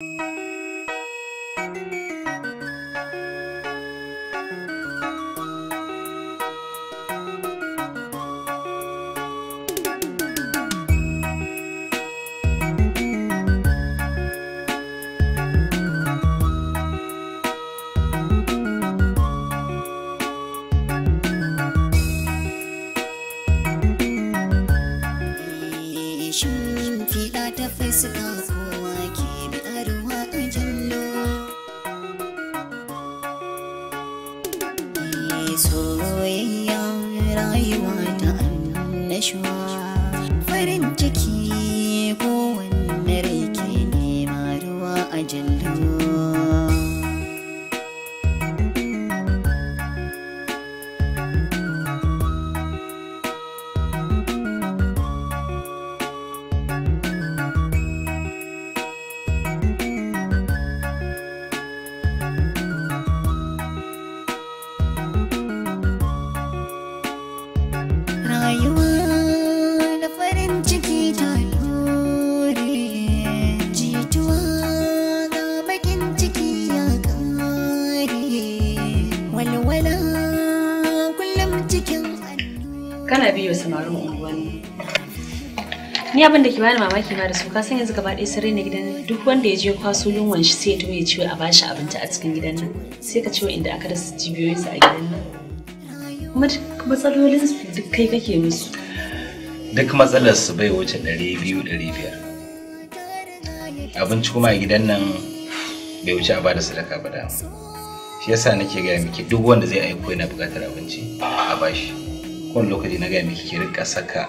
Música kana biyo samarin unguwanni ni abin da ke bani mamaki ma da su ka san yanzu gaba ɗaya sun na gidan duk wanda ya je kwaso yunwan shi sai ya tawaye ciwo a bashi abinci a cikin gidan nan sai ka ciwo inda aka rasa jibiyoyinsu a gidan nan kuma matsalolin su duk kai kake musu duk matsalar su bai wuce ɗari biyu ɗari biyar abinci kuma a gidan nan bai wuce a bada sadaka ba da shi yasa nake gaya miki duk wanda zai aiko yana buƙatar abinci a bashi kowane lokaci na gaya miki ki rika saka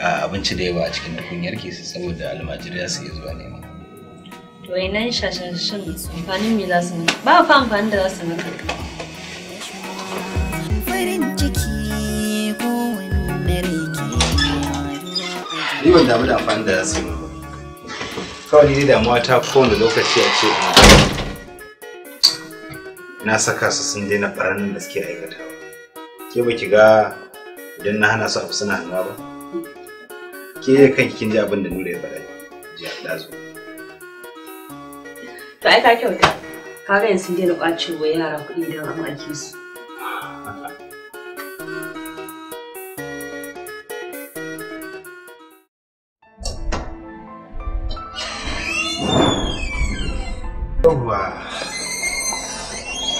abinci da yawa a cikin tukunyar ki saboda almajiriya su iya zuwa nema to nan shashin amfanin me za su ba fa amfanin da za su naka ni ban damu da amfani da su kawai ni damuwa ta kowane lokaci a ce na saka su sun daina faranin da suke aikatawa ke ba ki ga idan na hana su a suna hanga ba ke kan kin ji abin da nura ya faɗa ji a ɗazu to ai ka kyauta ka ga yanzu daina ƙwace wa yara kuɗi don a maki su Wow.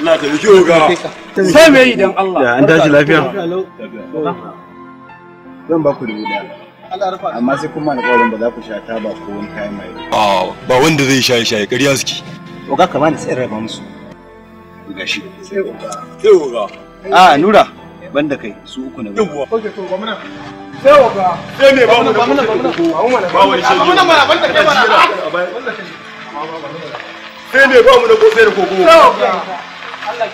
Allah ta miki oga. Sai me yi dan Allah. an tashi lafiya. Zan ba ku dubu daya. Amma sai kuma da ƙwarin ba za ku sha taba ko wani kayan mai. Ah, ba wanda zai shaye shaye ƙarya suke. Oga kama da sai raba musu. Ga shi. Sai oga. Sai oga. A ah, Nura banda kai su uku na. ba Sai oga. Sai ba mu da ba wani shi. Ba mana banda kai kai. Sai ne ba mu da Sai oga. Ya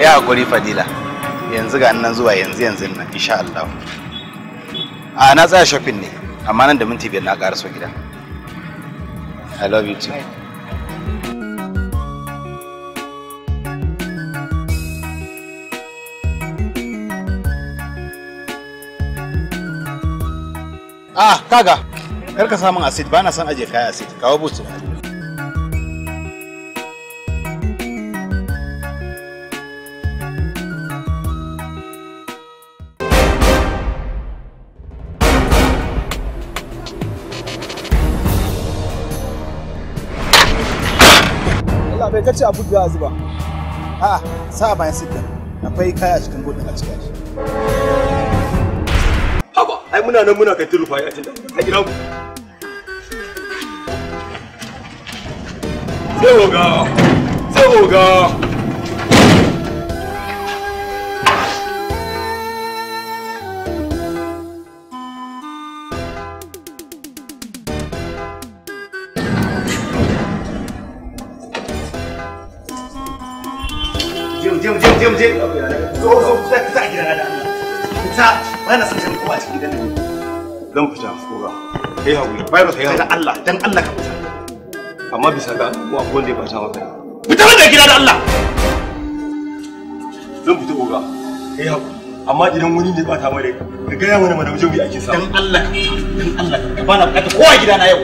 ya hakuri fadila yanzu ga nan zuwa yanzu yanzu nan insha Allah a na tsaya shopping ne amma nan da minti biyar na ƙara so gida i love you too Ah, kaga. Kar ka samun acid, ba na son aje kaya acid. Kawo boot Allah bai kace abu da zuba. A'a, ah, sa bayan sidda. Akwai kaya cikin gudun a cikin shi. ai muna nan muna kai tulu fa a cikin a gidan mu sai oga sai oga Jom, jom, jom, jom, jom. Zo, zo, fita, fita gidana da Allah. Fita. ba na san shan kuma a cikin gidan zan fita koga kai hakuri bai ba kai hakuri Allah dan Allah ka fita amma bisa ga ko abubuwan da ya bata maka fita da gida da Allah zan fita koga kai hakuri amma idan wani ne bata mare ka gaya mana mana wajen bi ake sa dan Allah ka fita dan Allah ka bana bukata kowa gida na yau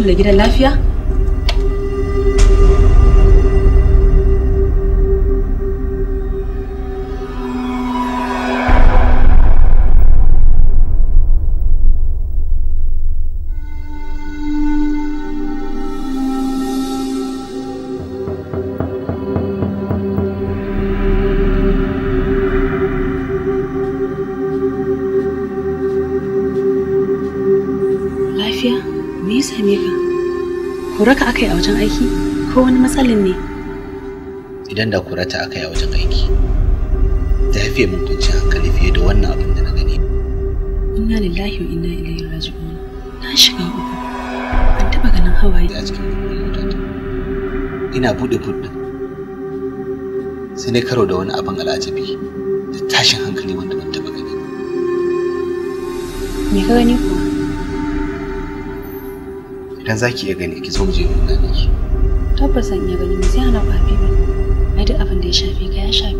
kulle gidan lafiya Koraka aka yi a wajen aiki ko wani matsalin ne? Idan da korata aka yi a wajen aiki, ta fiye mun kunci hankali fiye da wannan abin da na gani. Inna lillahi wa inna ilaihi raji'un. Na shiga uku. An taba ganin hawaye a cikin Ina bude buɗe sai na karo da wani abin al'ajabi da tashin hankali wanda ban taba gani. Me ka gani kuwa? dan za ki iya gani ki zo mu je mu gane ki tabbas zan iya gani mu sai ana ba a duk abin da ya shafe ka ya shafe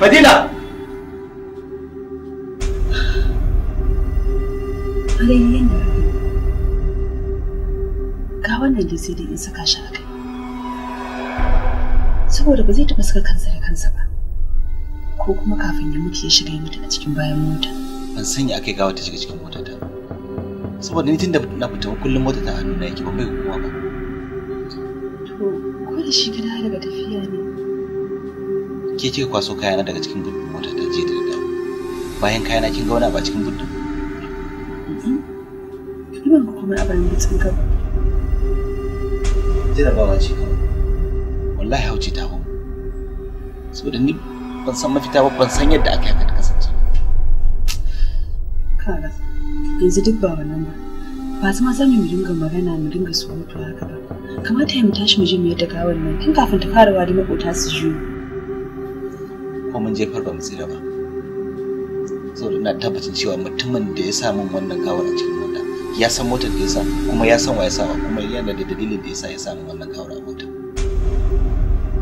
Fadila! Farin yana ga wannan da sai dai in saka shi a kai. Saboda ba zai taɓa saka kansa da kansa ba. Ko kuma kafin ya mutu ya shiga ya mutu a cikin bayan mota. Ban sanya akai gawa ta shiga cikin mota ta. Saboda ni tun da na fita kullum mota ta hannu na yake ba bai kowa ba. To, ko da shi gida daga tafiya ne. ke kika kwaso kayana daga cikin buddin motar ta je da dawo bayan kayana kin ga wani ba cikin buddin ban ga komai a bayan buddin ka ba jarabawa ce kawai wallahi hauce ta hau saboda ni ban san mafita ba ban san yadda aka haka ta kasance kara yanzu duk ba wannan ba ba su ma sani mu dinga magana mu dinga su mutu haka ba kamata ya mu tashi mu je mu yadda gawar nan tun kafin ta fara wari makota su juyo mun jefar ba mu tsira ba so ina tabbacin cewa mutumin da ya samu wannan gawar a cikin mota ya san motar da ya sa kuma ya san wa ya sawa kuma yana da dalilin da ya sa ya samu wannan gawar a mota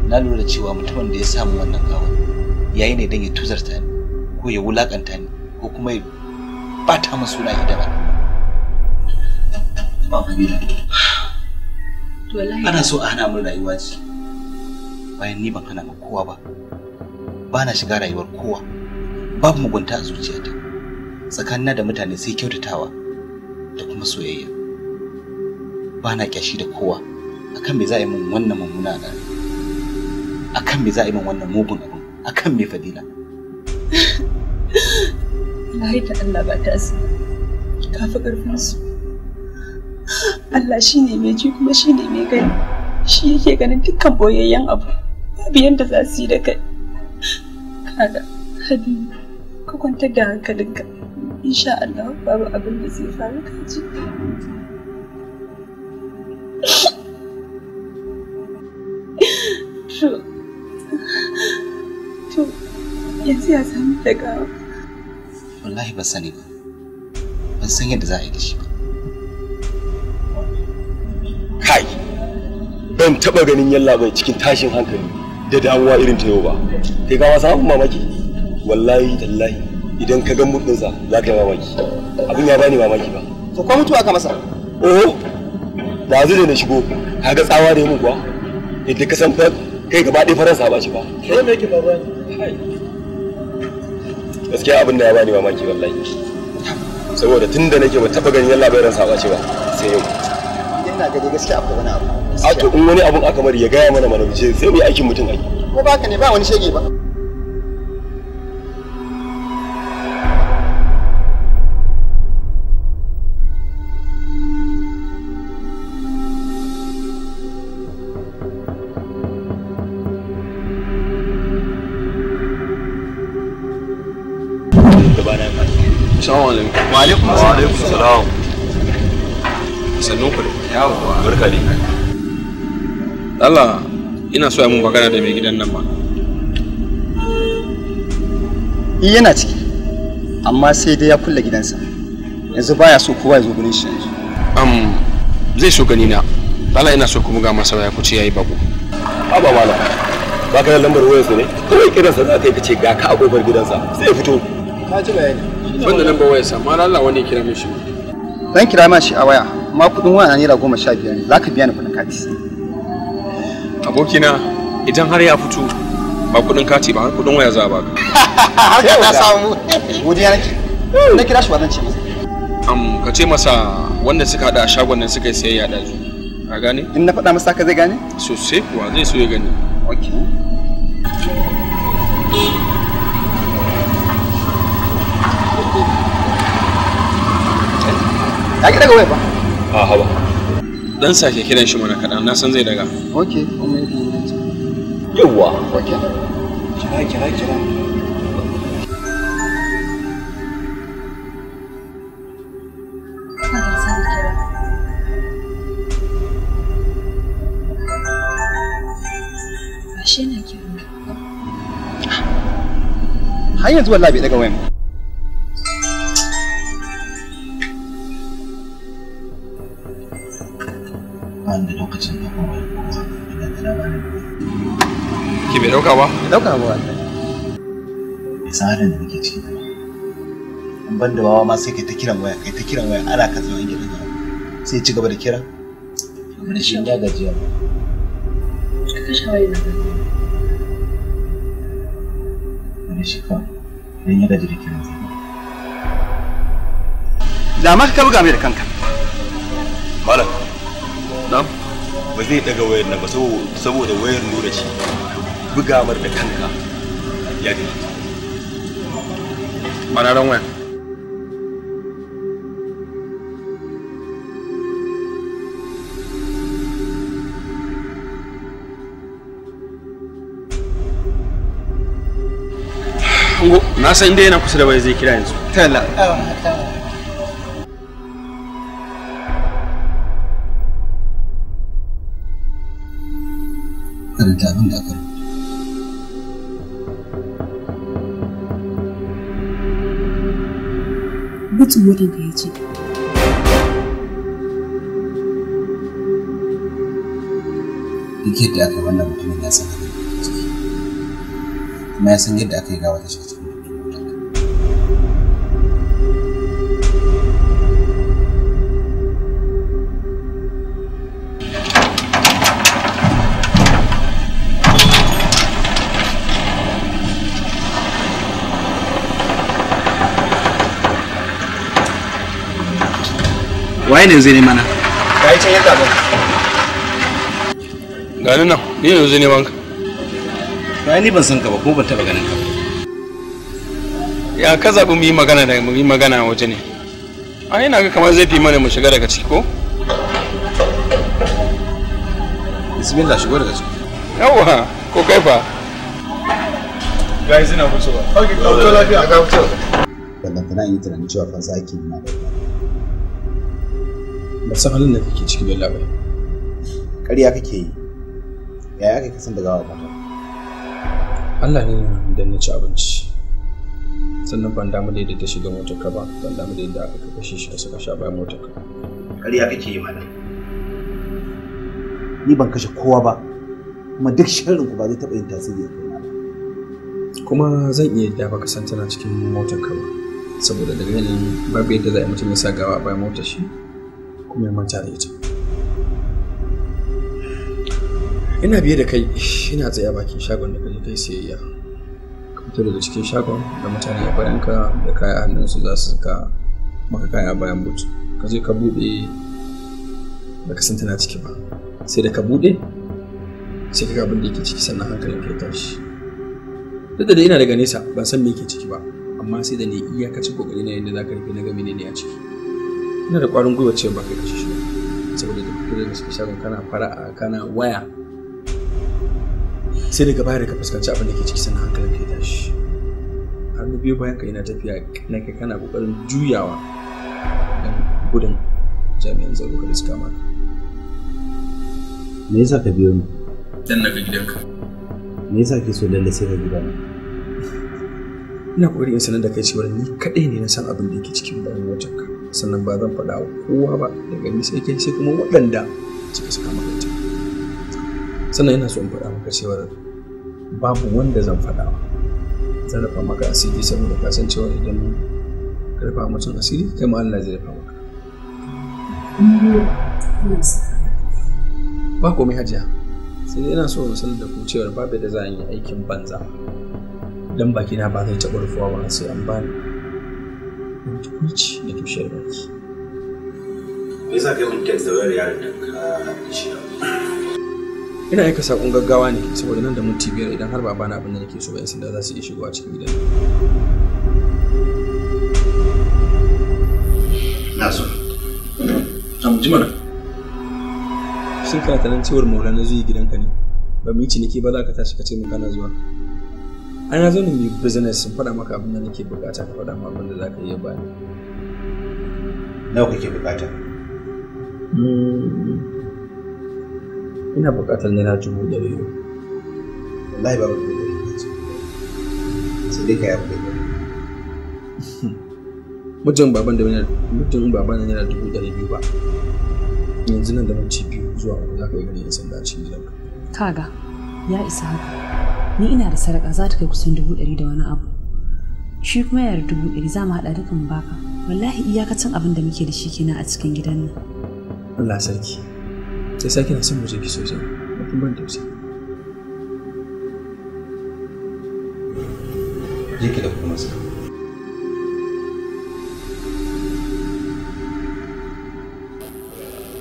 na lura da cewa mutumin da ya samu wannan gawar yayi ne don ya tuzarta ni ko ya wulakanta ni ko kuma ya bata min suna ita ba ana so a hana mun rayuwa ce bayan ni ban hana kowa ba ba na shiga rayuwar kowa babu mugunta a zuciyata tsakanina da mutane sai kyautatawa da kuma soyayya ba na kyashi da kowa akan me za a yi min wannan mummuna a akan me za a yi min wannan mugun abin akan me fadila lahi ta Allah ba ta asiri ka fi ƙarfin su Allah shine mai ji kuma shine mai gani shi yake ganin dukkan boyayyen abu babu yadda za su yi da kai hada hadi ka kwantar da hankalinka insha Allah babu abin da zai faru ka ji to to yanzu ya sami daga wallahi ban sani ba ban san yadda za a yi da shi ba kai ban taba ganin yalla bai cikin tashin hankali da damuwa irin ta yau ba kai ka masa mamaki wallahi tallahi idan ka ga mutsinsa za ka yi mamaki abin ya bani mamaki ba to ko mutuwa ka masa oho da zai da na shigo ka ga tsawa da yi mun kuwa yadda ka san kai gaba ɗaya faransa ba shi ba kai me yake faruwa gaskiya abin da ya bani mamaki wallahi saboda tun da nake ba taɓa ganin yalla bai ransa ba ce ba sai yau ina gani gaskiya akwai wani abu a to in wani abun aka bari ya gaya mana mana wuce sai mu yi aikin mutum ai ko ba ka ne ba wani shege ba Assalamu alaikum. Wa alaikum salam. Sannu ku da. Yawwa. Barka Allah ina so mun magana da mai gidan nan ba eh, yana ciki amma sai dai ya kulle gidansa yanzu baya so kowa ya zo gurin shi yanzu Am zai so gani na Allah ina so kuma ga masa ya ce yayi babu Baba mala ba ka da lambar wayar sa ne kawai sa za ka yi kace ga ka agobar gidansa sai ya fito ka ji bayani banda lambar wayar sa ma Allah wani kira mishi dan kira ma shi a waya ma kudin waya naira goma sha biyar ne za ka biya ni kuɗin kati abokina idan har ya fito ba kudin kati ba har kudin waya za ba haka na samu godiya nake na kira shi ba zan ce masa am ka ce masa wanda suka hada a shagon nan suka sayayya da zu ka gane in na faɗa masa ka zai gane sosai kuwa zai so ya gani okay Ya ki daga waya ba? A hawa. dan sake kiran shi mana kaɗan na san zai daga kuma yi Yawwa, ok kira kira kira har yanzu wallahi bai daga wayan ban da lokacin da kuma ki bai dauka ba? bai dauka ba wannan bai san halin da muke da ba in ban da wawa ma sai kai ta kiran waya kai ta kiran waya ana ka zama gida ka sai ci gaba da kira da shi ya gajiya ba da shi ka, dan ya gaji da kiran sa da ma ka buga mai da kanka malam ɗan ba zai daga wayar nan ba saboda wayar nura buga bugawar da kanka ya dai mana ran wayar na san dai yana kusa da wayar zai kira yanzu tala karanta abin da aka rubuta gutsuwa da ya ce duk yadda aka wannan mutumin ya san abin da ya ciki kuma ya san yadda aka yi gawa ta shi waye ne zai nema na ka yi can yadda ba gani nan ni ne zai neman ka ba ni ban san ka ba ko ban taba ganin ka ya ka zaɓi mu yi magana da yi magana waje ne a ina ga kamar zai fi mana mu shiga daga ciki ko bismillah shigo daga ciki yawwa ko kai fa guys ina mutuwa ok ka fito lafiya ka fito tana yin tunanin cewa fansa ake yi ma. da ba san halin da kake ciki bella bai ƙarya kake yi yaya kai kasan da gawa mata Allah ne idan na ci abinci sannan ban damu da yadda ta shiga motar ka ba ban damu da yadda aka kashe shi da suka sha bayan motar ka ƙarya kake yi mana ni ban kashe kowa ba kuma duk sharrin ku ba zai taɓa yin tasiri a kaina kuma zan iya yadda baka san tana cikin motar ka ba saboda daga yanayin babu yadda za a mutum ya sa gawa a bayan motar shi kuma ya manta ita ina biye da kai ina tsaye bakin shagon da kai siyayya ka fito daga cikin shagon da mutane a bayanka da kaya hannunsu za su saka maka kaya bayan but ka je ka buɗe da ka san tana ciki ba sai da ka buɗe sai ka ga abin da yake ciki sannan hankalin ka ya tashi duk da ina daga nesa ban san me yake ciki ba amma sai da ne iyakacin kokari na yadda za ka rufe na ga ne a ciki ina da ƙwarin gwiwa cewa ba kai kashe shi saboda da kuɗi da suke shagon kana a kana waya sai daga baya ka fuskanci abin da ke ciki sannan hankalin ka ya tashi har na biyu bayan ka yana tafiya na kai kana ƙoƙarin juyawa don gudun jami'an tsaro ka suka maka. me yasa ka biyo ni dan ga gidanka me yasa ke so lalle sai ka na? ina ƙoƙarin in sanar da kai cewa ni kadai ne na san abin da ke cikin bayan wajenka sannan ba zan faɗa kowa ba daga ni sai kai sai kuma waɗanda suka suka magance sannan yana so in faɗa maka cewa babu wanda zan faɗa wa zan rufa maka asiri saboda ka san cewa idan ka rufa mutum asiri kai ma Allah zai rufa maka ba komai hajiya sai yana so in sanar da ku cewa babu da za a yi aikin banza dan bakina ba zai taɓa rufuwa ba sai an bani Tukunci da tushiyar Ina aika sakon gaggawa ne saboda nan da minti biyar idan har ba bana abin da nake so ba 'yan sanda za su iya shigowa cikin gidan. Na so. Na Shin kana tunanin cewar Maulana zai gidanka ne? Ba mu yi ciniki ba za ka tashi ka ce mu kana zuwa. an na zo ne yi business sun faɗa maka abin da nake bukata ka faɗa ma abin da za ka iya bani. Nawa kake bukata? Hmm. Ina bukatar naira dubu ɗari. Wallahi ba ku da sai dai ka yi abin da Mutum baban da mutum baban da yana dubu da biyu ba. Yanzu nan da ci biyu zuwa uku za ka yi ganin yan sanda a cikin gidanka. Kaga ya isa haka. ni ina da sarƙa za ta kai kusan dubu ɗari da wani abu shi kuma yar dubu ɗari za mu haɗa duka mu baka wallahi iyakacin abin da muke da shi kenan a cikin gidan nan Allah sarki sai sai na son mu je ki sosai mutum ban tausayi je ki kuma sa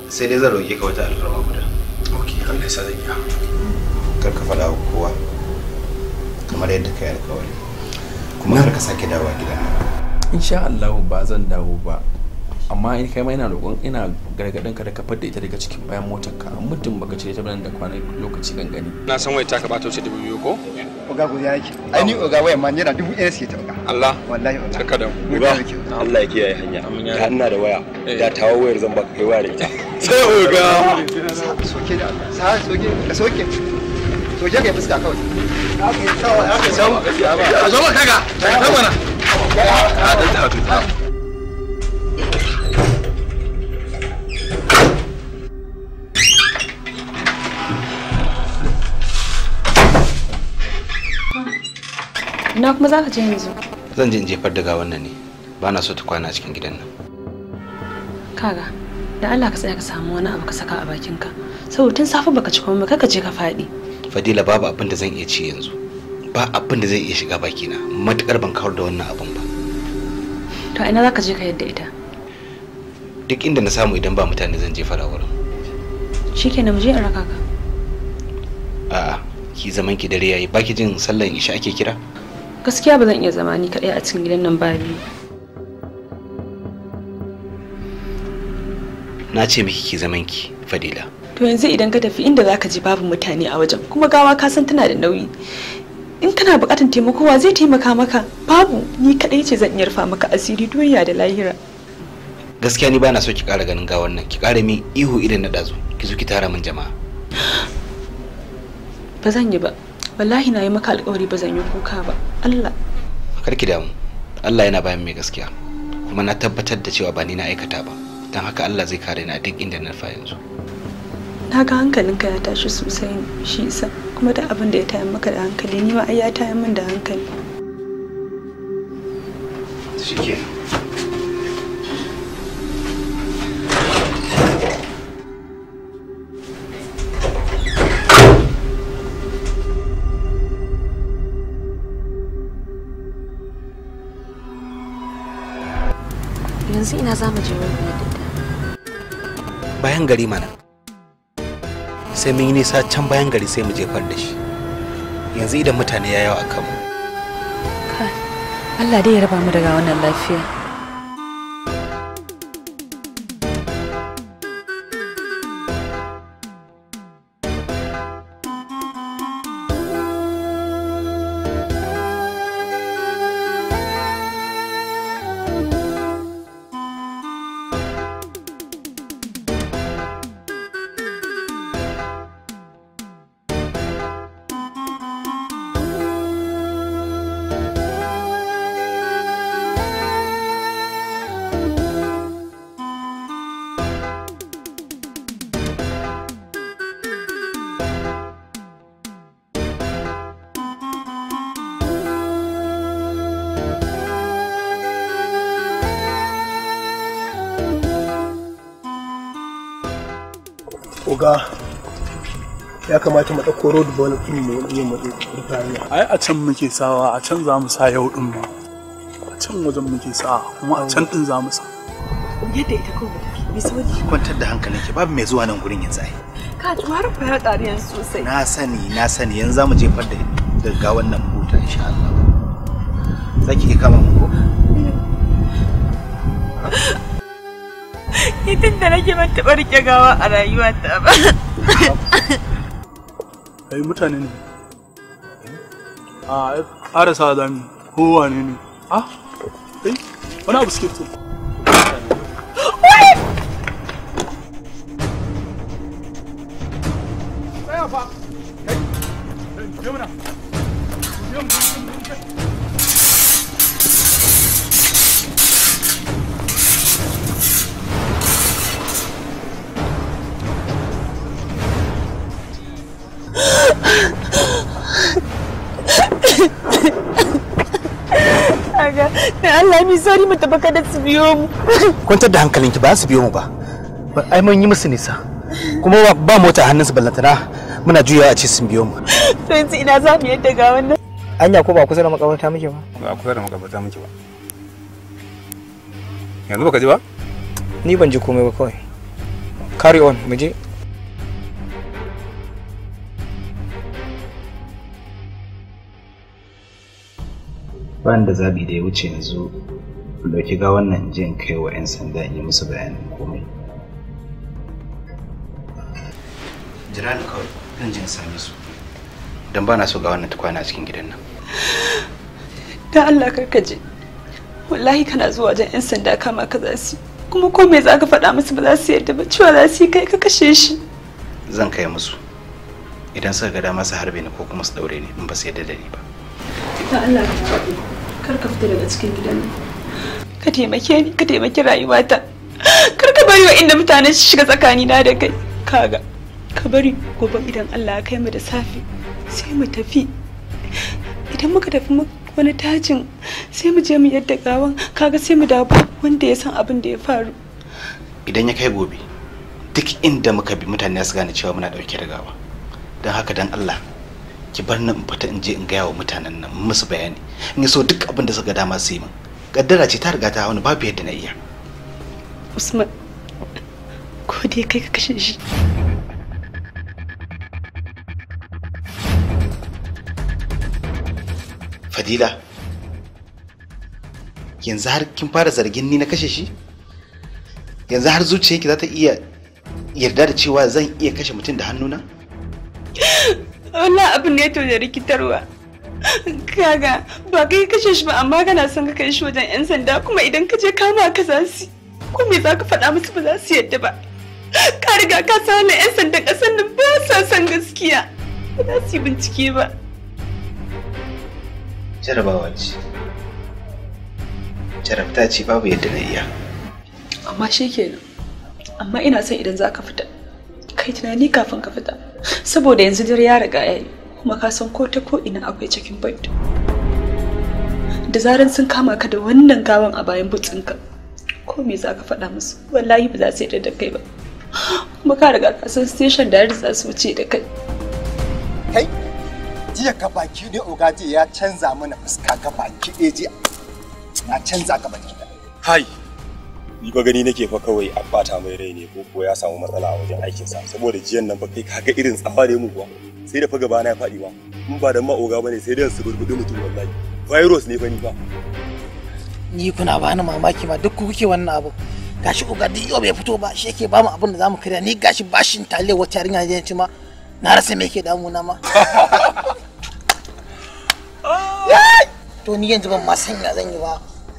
sai dai zan roƙe ka wata alfarma guda ok Allah ya sa zan iya kar ka faɗa kowa kamar yadda kai alkawari kuma kar ka sake dawowa gida insha Allah ba zan dawo ba amma in kai ma ina roƙon ina gargaɗin ka da ka fadda ita daga cikin bayan motar ka muddin baka ce ta nan da kwanan lokaci gangani gani na san wai ta ka bata wuce dubu biyu ko oga ku ya yake ai ni oga waya ma naira dubu ɗaya sai ta oga Allah wallahi oga kaka da ba Allah ya kiyaye hanya ta hanna da waya eh. da tawo wayar zan baka kai waya da ita sai oga soke da Allah soke da soke to je fuska kawai ba. a zo kaga a ta Ina kuma za ka je yanzu? Zan je in jefar da gawan nan ne. Ba na so ta kwana a cikin gidan nan. Kaga, da Allah ka tsaya ka samu wani abu ka saka a bakinka. Saboda tun safe baka ci komai ba, ka je ka faɗi. fadila babu abin da zan iya ci yanzu ba abin da zai iya shiga bakina matukar ban kawar da wannan abin ba to ina za ka je ka yadda ita duk inda na samu idan ba mutane zan je fara wurin shikenan mu je a raka ka a'a ki zaman ki dare yayi baki jin sallan isha ake kira gaskiya ba zan iya zama ni kadai a cikin gidan nan ba biyu na ce miki ki zaman ki fadila to yanzu idan ka tafi inda zaka je babu mutane a wajen kuma gawa ka san tana da nauyi in kana buƙatar taimako wa zai taimaka maka babu ni kadai ce zan iya rufa maka asiri duniya da lahira gaskiya ni bana so ki ƙara ganin gawan nan ki kara min ihu idan na ɗazu ki zo ki tara min jama'a ba zan yi ba wallahi na yi maka alƙawari ba zan yi kuka ba Allah kar ki damu Allah yana bayan mai gaskiya kuma na tabbatar da cewa ba ni na aikata ba don haka Allah zai kare ni a duk inda na fa yanzu na ga hankalinka ya tashi sosai shi isa kuma da abin da ya tayar maka da hankali ni ma ai ya tayar min da hankali yanzu ina za mu je wani bayan gari mana sai mun yi nisa can bayan gari sai mu jefar da shi yanzu idan mutane ya yawa a kanmu Allah dai ya raba mu daga wannan lafiya kamata mu ɗauko road ball ɗin mu yi mu rufariya. Ai a can muke sawa a can za mu sa yau ɗin mu A can wajen muke sa kuma a can ɗin za mu sa. Yadda ita ko ba take bi sauki. Kwantar da hankalinki babu mai zuwa nan gurin yanzu ai. Ka ji har fa ya ƙari yanzu sosai. Na sani na sani yanzu za mu jefar da gaggawan nan mota insha Allah. Za ki kama mu ko? Ni tun da nake ban gawa a rayuwata ba. ai mutane ne a ah, ƙarasa za mu kowane ne ah wani abu suke fito sorry sari mu tafi kada su biyo mu kwantar da hankalinki ba su biyo mu ba ba ai mun yi musu nisa kuma ba mota hannunsu ballantana muna juya a ce sun biyo mu yanzu ina za mu yadda ga wannan anya ko ba kusa da makabarta muke ba ba kusa da makabarta muke ba yanzu baka ji ba ni ban ji komai ba kawai carry on mu je ba da zabi da ya wuce yanzu ku ɗauki ga wannan jin kai wa 'yan sanda in yi musu bayanin komai jira kawai zan je in same su don ba na so ga wannan tukwana cikin gidan nan da Allah karka je wallahi kana zuwa wajen 'yan sanda kama ka za su kuma ko me za ka faɗa musu ba za su yadda ba cewa za su yi kai ka kashe shi zan kai musu idan suka ga dama su harbe ni ko kuma su daure ni in ba su yadda da ni ba ta Allah ka kar ka fita daga cikin gidan nan ka taimake ni ka taimake rayuwata kar ka bari wa inda mutanen su shiga tsakani na da kai kaga ka bari gobe idan Allah ya kai mu da safe sai mu tafi idan muka tafi wani tajin sai mu je mu yadda gawan kaga sai mu dawo wanda ya san abin da ya faru idan ya kai gobe duk inda muka bi mutane su gane cewa muna dauke da gawa don haka dan Allah ki bar nan fita in je in gaya wa mutanen nan musu bayani in so duk abin da suka dama su yi min kaddara ce ta riga ta hauni babu yadda na iya usman ko dai kai ka kashe shi fadila yanzu har kin fara zargin ni na kashe shi yanzu har zuciyarki za ta iya yarda da cewa zan iya kashe mutum da hannuna? wannan abin ne to da rikitarwa kaga ba kai kashe shi ba amma kana son ka kai shi wajen yan sanda kuma idan ka je kama ka za su ko me za ka faɗa musu ba za su yadda ba ka riga ka san yan sandan ƙasar nan ba sa son gaskiya ba za su yi bincike ba jarabawa ce jarabta ce babu yadda na iya amma shi kenan amma ina son idan za ka fita kai tunani kafin ka fita saboda yanzu dare ya riga ya yi kuma ka san ko ta ko ina akwai cikin bait da zaran sun kama ka da wannan gawan a bayan butsinka ko me za ka faɗa musu wallahi ba za su yi da kai ba kuma ka riga ka san station da za su wuce da kai kai jiya ka baki ne ogaje ya canza mana fuska ka baki eji na canza ka baki hai yi ba gani nake fa kawai a bata mai rai ne ko ko ya samu matsala a wajen sa saboda jiyan nan ba kai ga irin tsafa da mu kuwa sai da fa gaba na ya faɗi ba in ba da ma'oga bane sai da su gurgudu mutum wallahi virus ne fa ni ba ni kuna bani mamaki ma duk kuke wannan abu gashi oga duk yau bai fito ba shi yake ba mu abin da zamu kira ni gashi bashin tale wata yarinya ne ci ma na rasa me yake na ma to ni yanzu ban ma sanya zan yi ba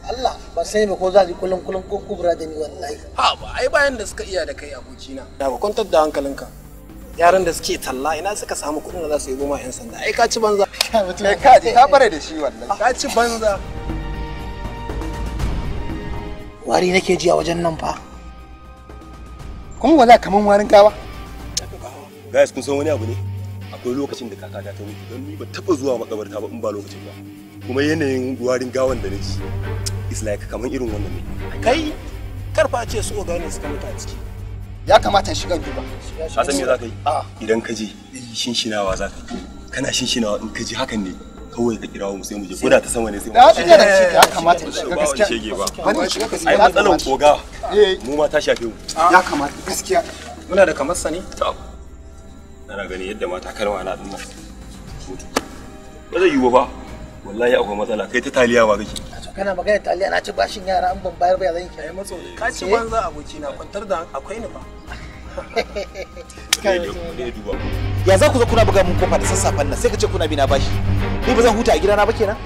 Allah ba sai ba ko za ji kullum kullum ko kubura da ni wallahi ha ba ai bayan da suka iya da kai abokina da ku kwantar da hankalinka yaran da suke talla ina suka samu kuɗin da za su yi goma yan sanda ai ka ci banza kai ka ji ka bare da shi wallahi ka ci banza wari nake ji a wajen nan fa kuma wala kaman warin gawa guys kun san wani abu ne akwai lokacin da kaka ta mutu don ni ba taba zuwa makabarta ba in ba lokacin ba kuma yanayin warin gawan da nake is like kamar irin wannan ne kai karfa ce su gane suka mutu a ciki ya kamata shiga duba ka san me za ka yi ah. idan ka je shinshinawa za ka yi kana shinshinawa in ka ji hakan ne kawai ka kirawo mu sai mu je koda ta sama ne sai mu da ya kamata mu eh, shiga gaskiya ba wani shiga gaskiya ai matsalan koga eh. mu ma ta shafe mu ah. ya kamata gaskiya muna da kamar sani to ana gani yadda mata kalma na dinnan ba zai yi ba wallahi akwai matsala kai ta taliya wa kake to kana magana taliya na ci bashin yara an ban bayar ba zan kiyaye kai ka ci banza aboki na kwantar da akwai ni ba ya za ku zo kuna buga mun kofa da sassafen nan sai ka ce kuna na bashi ni ba zan huta a gidana ba kenan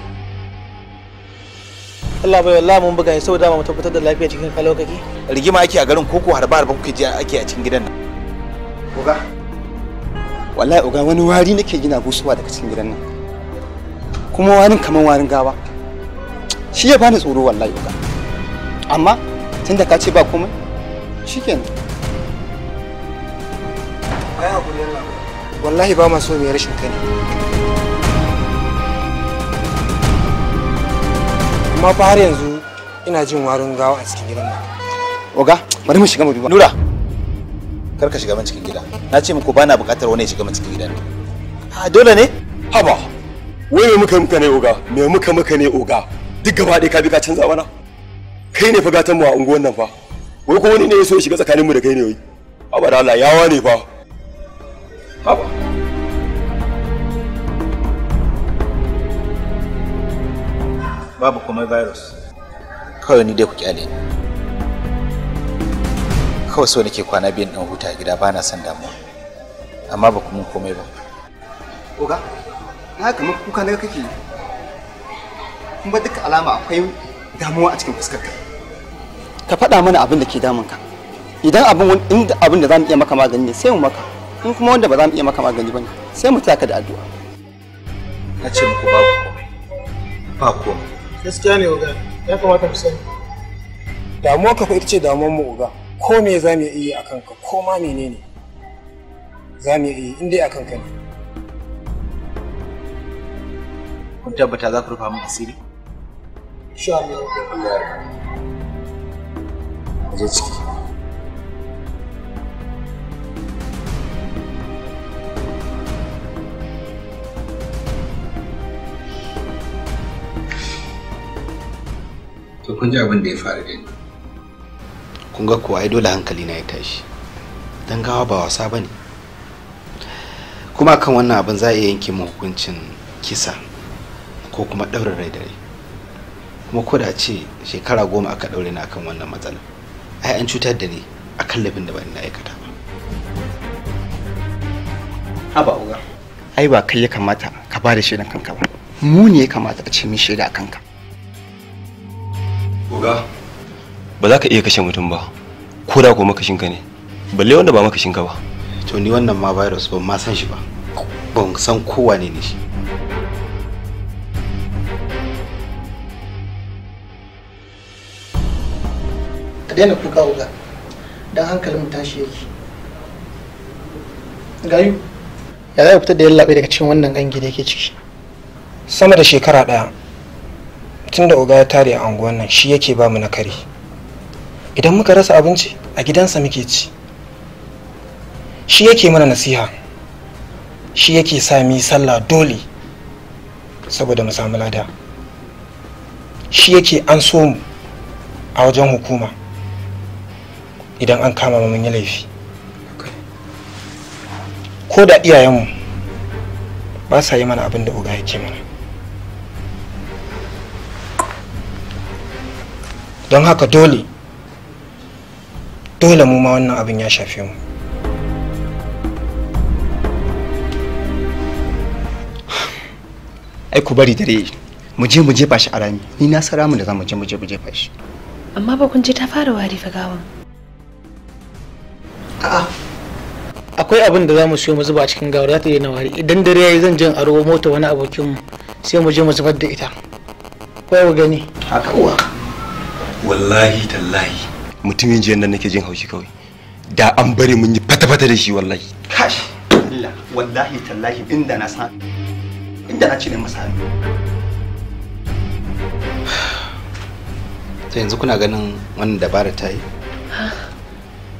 Allah bai wallahi mun buga ne saboda mu tabbatar da lafiya cikin kalokaki rigima ake a garin koko harba harba kuke ji ake a cikin gidan nan uga wallahi uga wani wari nake gina gusuwa daga cikin gidan nan kuma warin kamar warin gawa shi ya bani tsoro wallahi uka amma tunda ka ce ba komai shikenan wallahi ba ma so mai rashin kai amma fa har yanzu ina jin warin gawa a cikin gidan nan oga bari mu shiga mu duba nura kar ka shiga cikin gida na ce muku ba na bukatar wani ya shiga cikin gidan ah, dole ne haba wai me muka muka ne oga me muka muka ne oga duk gaba ɗaya ka bi ka canza mana kai ne fa gatan mu a unguwan nan fa wai ko wani ne ya so ya shiga tsakanin mu da kai ne wai abada Allah ya ne fa haba babu kuma virus kawai ni dai ku kyale ni kawai so nake kwana biyan dan huta gida bana son damuwa amma ba ku mun komai ba oga na kamar kuka na kake kuma duka alama akwai damuwa a cikin fuskarka ka faɗa mana abin da ke damun ka idan abin inda abin da zamu iya maka magani ne sai mu maka in kuma wanda ba za mu iya maka magani bane sai mu taka da addu'a na ce muku babu komai ba komai gaskiya ne oga ya kamata mu sani Damuwa ka fa ita ce damuwar mu oga ko me za mu iya yi akan ka ko ma menene za mu iya yi in dai akan ka ne kun tabbata za ku rufa mu asiri insha Allah ya ciki to kun ji abin da ya faru da ni kun ga kuwa ai dole hankali na ya tashi dan gawa ba wasa bane kuma kan wannan abin za a iya yanke mu hukuncin kisa ko kuma ɗaurin rai da rai kuma ko da ce shekara goma aka ɗaure ni akan wannan matsala ai an cutar da ni akan labin da ban na aikata haba uga ai ba kai ya kamata ka ba da shaidan kanka ba mu ne ya kamata a ce min shaida kanka uga ba za ka iya kashe mutum ba ko da ko ka ne balle wanda ba makashin ka ba to ni wannan ma virus ban ma san shi ba ban san kowa ne ne shi A daina kuka uga don hankalin mu tashi yake gayu ya zai fitar da yallaɓe daga cikin wannan gangi da yake ciki sama da shekara ɗaya tun da uga ya tare a anguwan nan shi yake ba mu na kare idan muka rasa abinci a gidansa muke ci shi yake mana nasiha shi yake sa mi sallah dole saboda mu samu lada shi yake an so mu a wajen hukuma idan an kama mun yi laifi ko da iyayenmu ba sa yi mana abin da uga yake mana don haka dole dole mu ma wannan abin ya shafe mu ai ku bari dare mu je mu jefa shi arami ni na sa ramin da za mu je mu je mu shi amma ba kun je ta fara wari fa gawan akwai abin da za mu siyo mu zuba cikin gawar za ta yi nawari idan dare ya yi zan jan aro mota wani abokin mu sai mu je mu zubar da ita ko gani haka uwa wallahi tallahi mutumin jiyan nan nake jin haushi kawai da an bari mun yi fata-fata da shi wallahi kash Allah wallahi tallahi inda na san inda na cire masa hannu to yanzu kuna ganin wannan dabara ta yi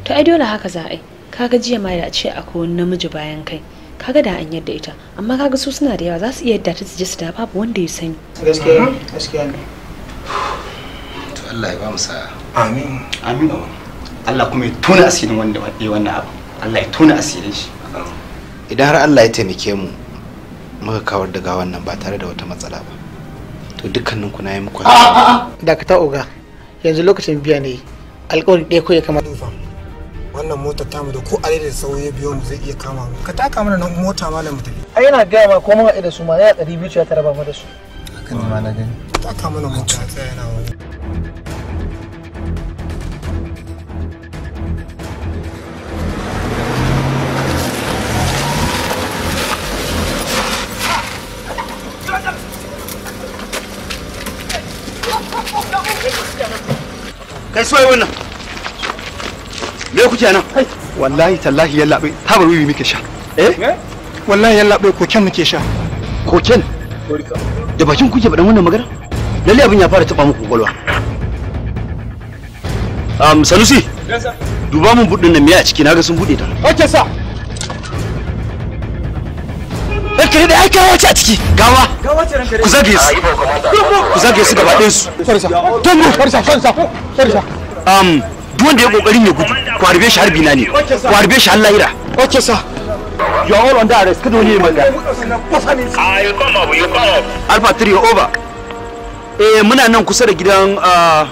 to ai dole haka za a yi kaga jiya ma da ce akwai wani namiji bayan kai kaga da an yadda ita amma kaga su suna da yawa za su iya yadda ta je su da babu wanda ya sani gaskiya gaskiya ne to Allah ya ba mu sa'a amin amin Allah kuma ya tona asirin wanda ya wannan abu Allah ya tona asirin shi idan har Allah ya taimake mu muka kawar da gawan nan ba tare da wata matsala ba to dukkanin ku na yi muku da ka ta oga yanzu lokacin biya ne alƙawarin ɗaya ko ya kamata wannan mota tamu da ko alai da sauye biyo mu zai iya kama mu ka taka mana nan mota malam tafi ai yana gaya ma ko mun su ma ya ɗari biyu ce ta raba da su haka ne ma na gani taka mana mota tsaya yana wani kai soyi wannan me kuke nan wallahi tallahi yalla bai tabar wiwi muke sha eh wallahi yalla bai koken muke sha koken da bakin kuke faɗan wannan magana lalle abin ya fara taba muku kwakwalwa um sanusi duba mun buɗin nan miya a ciki naga sun buɗe ta okay sa kai da aika wace a ciki gawa ku zage su ku zage su gaba ɗayan su farsa farsa farsa farsa um duk wanda ya kokarin ya gudu ku harbe shi harbi na ne ku harbe shi Allah okay sir you are all under arrest kada wani ya maka ah you come up you come up alpha 3 over eh muna nan kusa da gidan ah,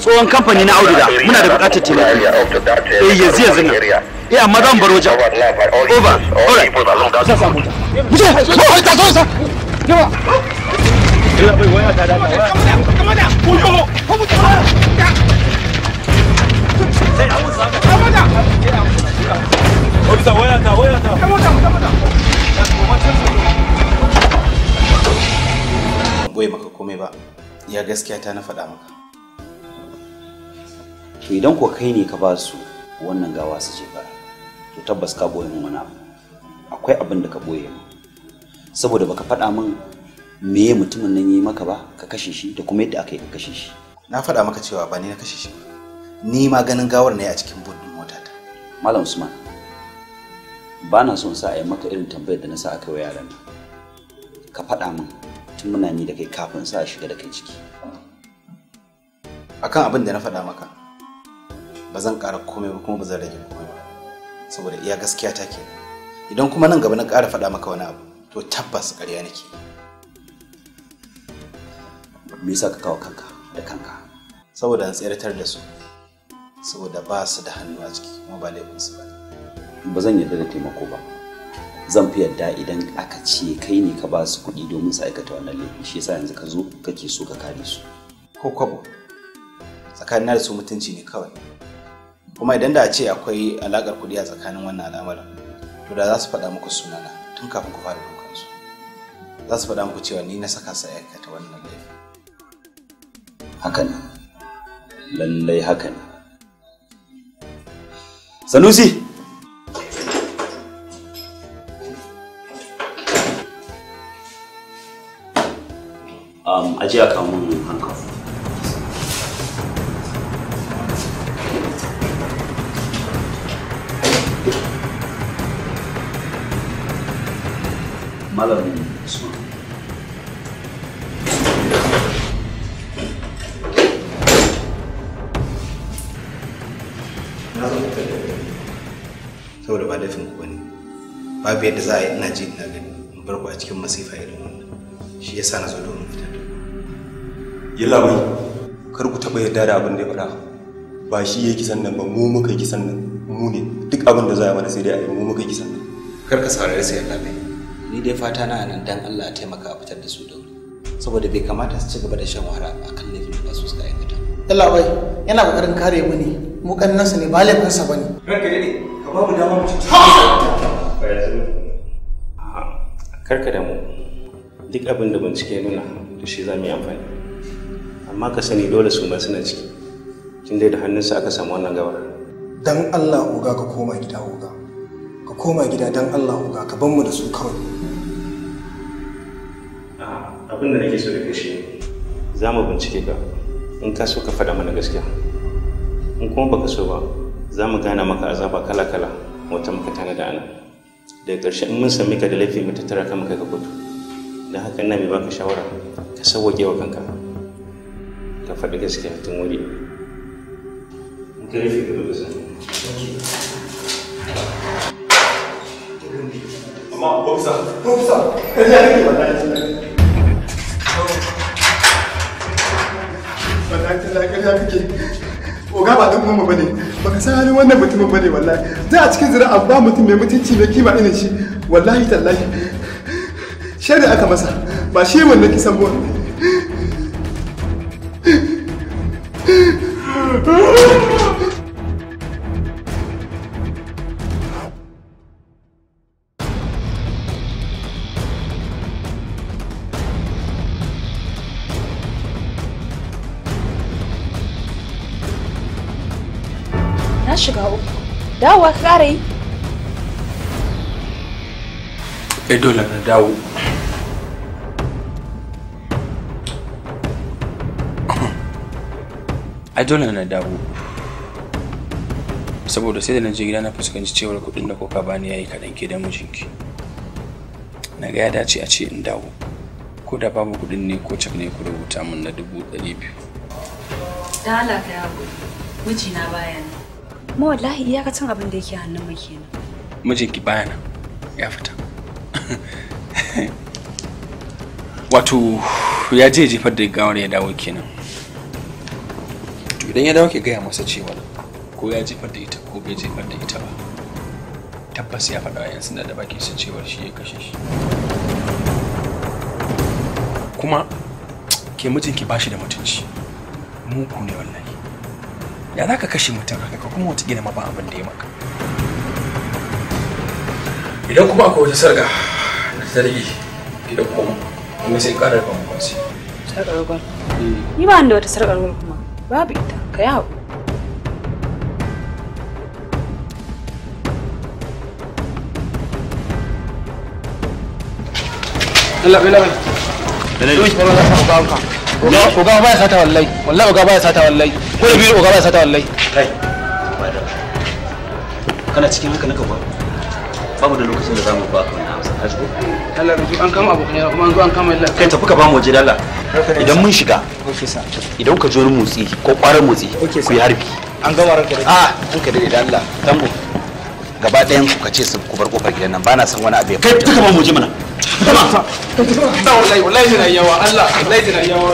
tsohon kamfani na auduga muna da bukatar taimako eh yanzu yanzu nan eh amma zan bar wajen over all right mu je mu ta zo sa yawa Sai a wuce ka. Ka mota. Ofisa waya ta waya ta. Ka mota ka mota. Ban goye maka komai ba. Ya gaskiya ta na faɗa maka. To idan ko kai ne ka ba su wannan gawa su je bara. To tabbas ka boye min wani abu. Akwai abin da ka boye min. Saboda baka faɗa min me mutumin nan yi maka ba ka kashe shi da kuma yadda aka yi ka kashe shi. Na faɗa maka cewa ba ni na kashe shi ba. ni ma ganin gawar ne a cikin buddin motata malam usman ba na son sa a yi maka irin tambayar da na sa aka yara wa ka faɗa min tun muna ni da kai kafin sa a shiga da kai ciki akan abin da na faɗa maka ba zan ƙara komai ba kuma ba zan rage komai ba saboda iya gaskiya ta ke idan kuma nan gaba na ƙara faɗa maka wani abu to tabbas ƙarya nake me yasa ka kawo kanka da kanka saboda an tseratar da su saboda ba su da hannu a ciki kuma ba laifinsu ba ba zan yarda da taimako ba zan fi yarda idan aka ce kai ne ka ba su kuɗi domin su aikata wannan laifin shi yasa yanzu ka zo kake so ka kare su ko kwabo tsakanin da su mutunci ne kawai kuma idan da a ce akwai alakar kuɗi a tsakanin wannan al'amarin to da za su faɗa muku sunana tun kafin ku fara dokar su za su faɗa muku cewa ni na saka su aikata wannan laifin haka ne lallai haka ne sanusi um, aje ajiya kamun hankafu malam babu yadda za a yi ina ji ina gani in bar ku a cikin masifa irin wannan shi yasa na zo domin fitar da yalla bai kar ku taba yarda da abin da ya faɗa ba shi yake kisan nan ba mu muka yi kisan nan mu ne duk abin da za a mana sai dai a yi mu muka yi kisan nan kar ka saurari sai yalla bai ni dai fata na nan dan Allah ya taimaka a fitar da su da wuri saboda bai kamata su ci gaba da shan wahala kan laifin da ba su suka aikata yalla bai yana kokarin kare mu ne mu nasu ne ba laifinsa bane ranka ne ka ba mu damar mu ci karka mu, duk abin da bincike nuna da shi za mu yi amfani amma ka sani dole su ma suna ciki tun dai da hannunsa aka samu wannan gaba dan Allah oga ka koma gida oga ka koma gida dan Allah oga ka bar mu da su kawai abin da nake so da kashi za mu bincike ka in ka so ka faɗa mana gaskiya in kuma baka so ba za mu gana maka azaba kala-kala wata muka tana da ana. daga ƙarshe in mun sami ka da laifi mu tattara ka muka ga kotu don haka ina mai baka shawara ka sauwaƙe wa kanka ka faɗi gaskiya tun wuri Thank you. oga ba dan uwanmu bane baka san halin wannan mutumin bane wallahi da a cikin zira ba mutum mai mutunci mai kima irin shi wallahi tallahi shari aka masa ba shi wannan kisan ba Oh dawowa ka ƙara yi kai na dawo ai dole na dawo saboda sai da na je gida na fuskanci cewar kuɗin da kuka bani yayi kaɗan ke da mijinki na ga ya dace a ce in dawo ko da babu kuɗin ne ko cak ne ku rubuta min na dubu ɗari biyu ta halaka ya mijina baya kuma wallahi iyakacin abin da yake hannun mu kenan mijinki baya nan ya fita wato ya je jefar da gawar ya dawo kenan to idan ya dawo ke gaya masa cewa ko ya jefar da ita ko bai jefar da ita ba tabbas ya faɗa yan suna da baki sun cewar shi ya kashe shi kuma ke mijinki bashi da mutunci muku ne wallahi ya za ka kashe mutum haka ka kuma wata ma ba abin da ya maka idan kuma akwai wata sarga da ta idan kuma wani sai ƙarar ban kwanci sarƙar gwal ni ba da wata sarƙar gwal kuma babu ita ka yi Allah bai Bai Bai baya sata wallahi. Bai Bai ko da biyu oga ba sata wallahi kai kana cikin haka naka ba babu da lokacin da zamu ba ka amsa ka shigo Allah an kama abokan kuma an zo an kama Allah kai tafi ka ba mu waje dalla idan mun shiga idan ka ji wani motsi ko kwarar motsi ku yi harbi an gama ranka da a ranka da Allah tambo gaba ɗayan ku ka ce su ku bar kofar gidan nan ba na san wani abu ya kai duka ba mu ji mana Allah, wallahi wallahi na yawa Allah wallahi na yawa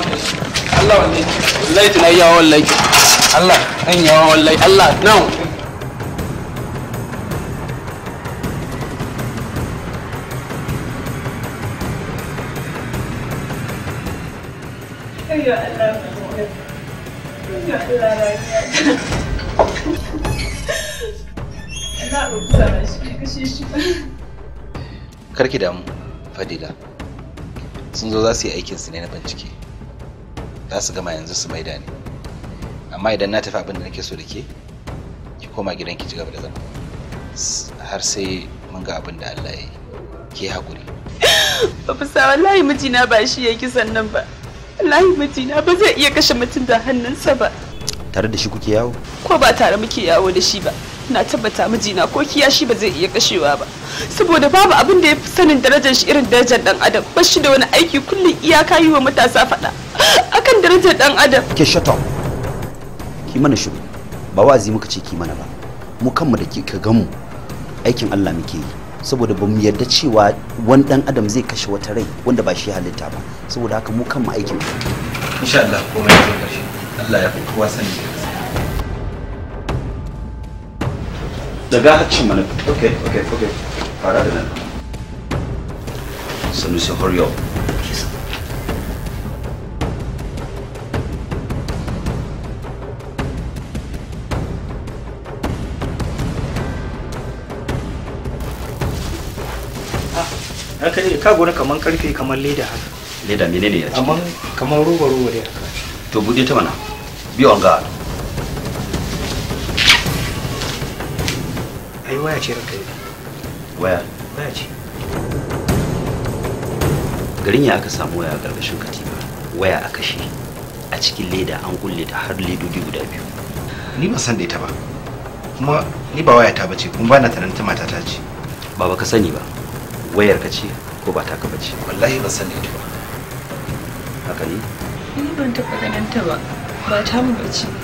Allah wallahi wallahi tunai yawa wallahi Allah an yawa wallahi Allah karki damu fadila sun zo za su yi aikinsu ne na bincike za su gama yanzu su maida ne. amma idan na tafi abin da nake so da ke ki koma gidan ki ci gaba da zama har sai mun ga abin da Allah ya yi ki hakuri ba fi sa wallahi mijina ba shi ya kisan nan ba wallahi mijina ba zai iya kashe mutum da hannunsa ba tare da shi kuke yawo ko ba tare muke yawo da shi ba na tabbata mijina ko kiyashi ba zai iya kashewa ba saboda babu abin da ya fi sanin darajar shi irin darajar dan adam ba shi da wani aiki kullum iyaka yi wa matasa faɗa akan darajar dan adam ke shut ki mana shiru ba wazi muka ce ki mana ba mu kanmu da ka gan mu aikin Allah muke yi saboda ba mu yarda cewa wani dan adam zai kashe wata rai wanda ba shi halitta ba saboda haka mu kanmu aikin insha Allah komai zai karshe Allah ya fi kowa sani daga haccin mana okay okay okay fara da nan sanusi hurry up ah, haka ne ka gona kamar karfe kamar leda haka leda menene ya ce kamar roba roba da haka to bude ta mana biyo an ga waya ce ranka ne waya waya ce garin ya aka samu waya a ƙarƙashin katifa waya a kashe a cikin leda an kulle ta har ledodi guda biyu ni ba san da ita ba kuma ni ba waya ta bace kuma ba na tunanin ta matata ce ba ba ka sani ba wayar ka ce ko ba ta ka bace wallahi ban san da ita ba haka ni ban taɓa ganin ta ba ba ta mu bace